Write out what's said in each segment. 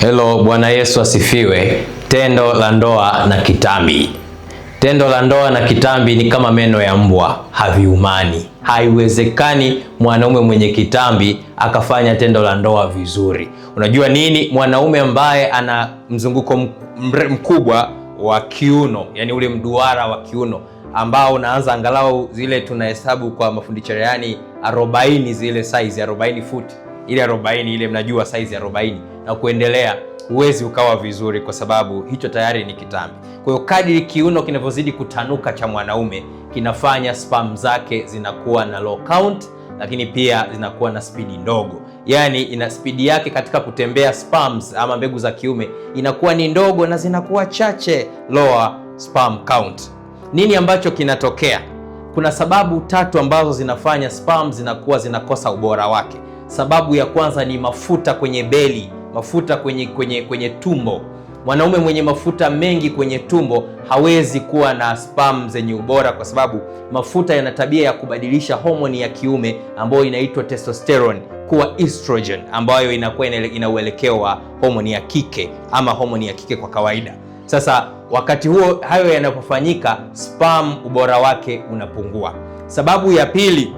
Helo, Bwana Yesu asifiwe. Tendo la ndoa na kitambi. Tendo la ndoa na kitambi ni kama meno ya mbwa, haviumani. Haiwezekani mwanaume mwenye kitambi akafanya tendo la ndoa vizuri. Unajua nini? Mwanaume ambaye ana mzunguko mkubwa wa kiuno, yani ule mduara wa kiuno ambao unaanza angalau zile tunahesabu kwa mafundisho yani 40 zile size 40 futi ile 40 ile mnajua size ya 40 na kuendelea, huwezi ukawa vizuri, kwa sababu hicho tayari ni kitambi. Kwa hiyo kadri kiuno kinavyozidi kutanuka cha mwanaume kinafanya sperm zake zinakuwa na low count, lakini pia zinakuwa na spidi ndogo, yaani ina spidi yake katika kutembea spams ama mbegu za kiume inakuwa ni ndogo na zinakuwa chache, lower sperm count. Nini ambacho kinatokea? Kuna sababu tatu ambazo zinafanya sperm zinakuwa zinakosa ubora wake. Sababu ya kwanza ni mafuta kwenye beli, mafuta kwenye, kwenye, kwenye tumbo. Mwanaume mwenye mafuta mengi kwenye tumbo hawezi kuwa na spam zenye ubora, kwa sababu mafuta yana tabia ya kubadilisha homoni ya kiume ambayo inaitwa testosterone kuwa estrogen, ambayo inakuwa ina uelekeo wa homoni ya kike ama homoni ya kike kwa kawaida. Sasa wakati huo hayo yanapofanyika, spam ubora wake unapungua. Sababu ya pili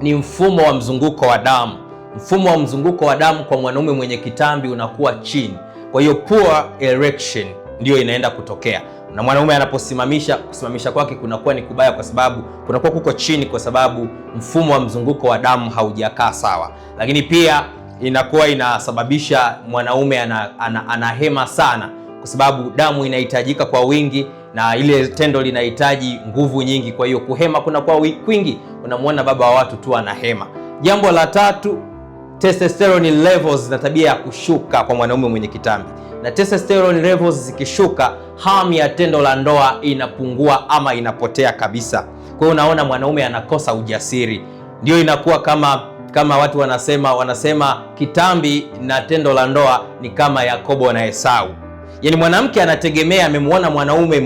ni mfumo wa mzunguko wa damu mfumo wa mzunguko wa damu kwa mwanaume mwenye kitambi unakuwa chini, kwa hiyo poor erection ndiyo inaenda kutokea, na mwanaume anaposimamisha kusimamisha kwake kunakuwa ni kubaya, kwa sababu kunakuwa kuko chini, kwa sababu mfumo wa mzunguko wa damu haujakaa sawa. Lakini pia inakuwa inasababisha mwanaume ana, ana, anahema sana, kwa sababu damu inahitajika kwa wingi na ile tendo linahitaji nguvu nyingi, kwa hiyo kuhema kunakuwa kwingi. Unamwona baba wa watu tu anahema. Jambo la tatu testosterone levels zina tabia ya kushuka kwa mwanaume mwenye kitambi, na testosterone levels zikishuka, hamu ya tendo la ndoa inapungua ama inapotea kabisa. Kwa hiyo unaona mwanaume anakosa ujasiri, ndio inakuwa kama kama watu wanasema wanasema kitambi na tendo la ndoa ni kama Yakobo na Esau. Yaani mwanamke anategemea amemwona mwanaume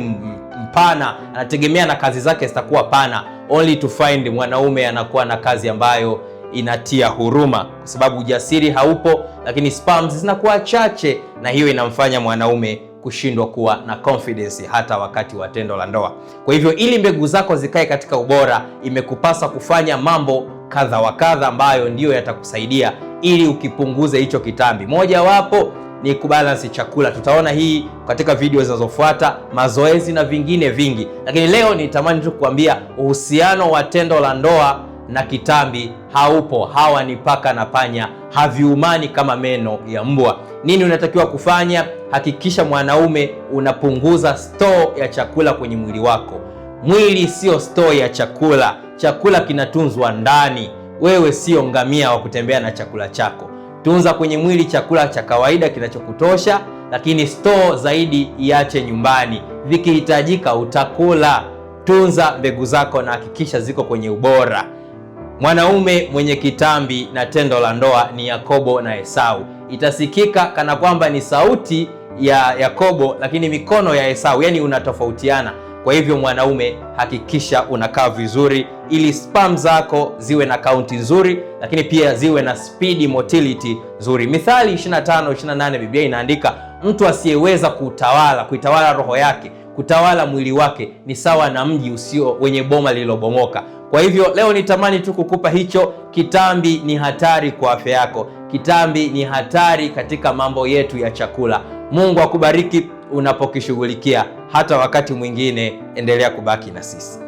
mpana, anategemea na kazi zake zitakuwa pana, only to find mwanaume anakuwa na kazi ambayo inatia huruma, kwa sababu ujasiri haupo, lakini spams zinakuwa chache, na hiyo inamfanya mwanaume kushindwa kuwa na confidence hata wakati wa tendo la ndoa. Kwa hivyo, ili mbegu zako zikae katika ubora, imekupasa kufanya mambo kadha wa kadha ambayo ndiyo yatakusaidia ili ukipunguze hicho kitambi. Mojawapo ni kubalansi chakula. Tutaona hii katika video zinazofuata, mazoezi na vingine vingi, lakini leo nitamani tu kukuambia uhusiano wa tendo la ndoa na kitambi haupo. Hawa ni paka na panya, haviumani kama meno ya mbwa. Nini unatakiwa kufanya? Hakikisha mwanaume unapunguza store ya chakula kwenye mwili wako. Mwili sio store ya chakula. Chakula kinatunzwa ndani. Wewe sio ngamia wa kutembea na chakula chako. Tunza kwenye mwili chakula cha kawaida kinachokutosha, lakini store zaidi iache nyumbani. Vikihitajika utakula. Tunza mbegu zako na hakikisha ziko kwenye ubora. Mwanaume mwenye kitambi na tendo la ndoa ni Yakobo na Esau. Itasikika kana kwamba ni sauti ya Yakobo, lakini mikono ya Esau, yani unatofautiana. Kwa hivyo mwanaume, hakikisha unakaa vizuri, ili spam zako ziwe na kaunti nzuri, lakini pia ziwe na spidi motility nzuri. Mithali 25:28 Biblia inaandika mtu asiyeweza kutawala kuitawala roho yake kutawala mwili wake ni sawa na mji usio wenye boma lililobomoka. Kwa hivyo leo nitamani tu kukupa hicho kitambi. Ni hatari kwa afya yako, kitambi ni hatari katika mambo yetu ya chakula. Mungu akubariki unapokishughulikia. Hata wakati mwingine, endelea kubaki na sisi.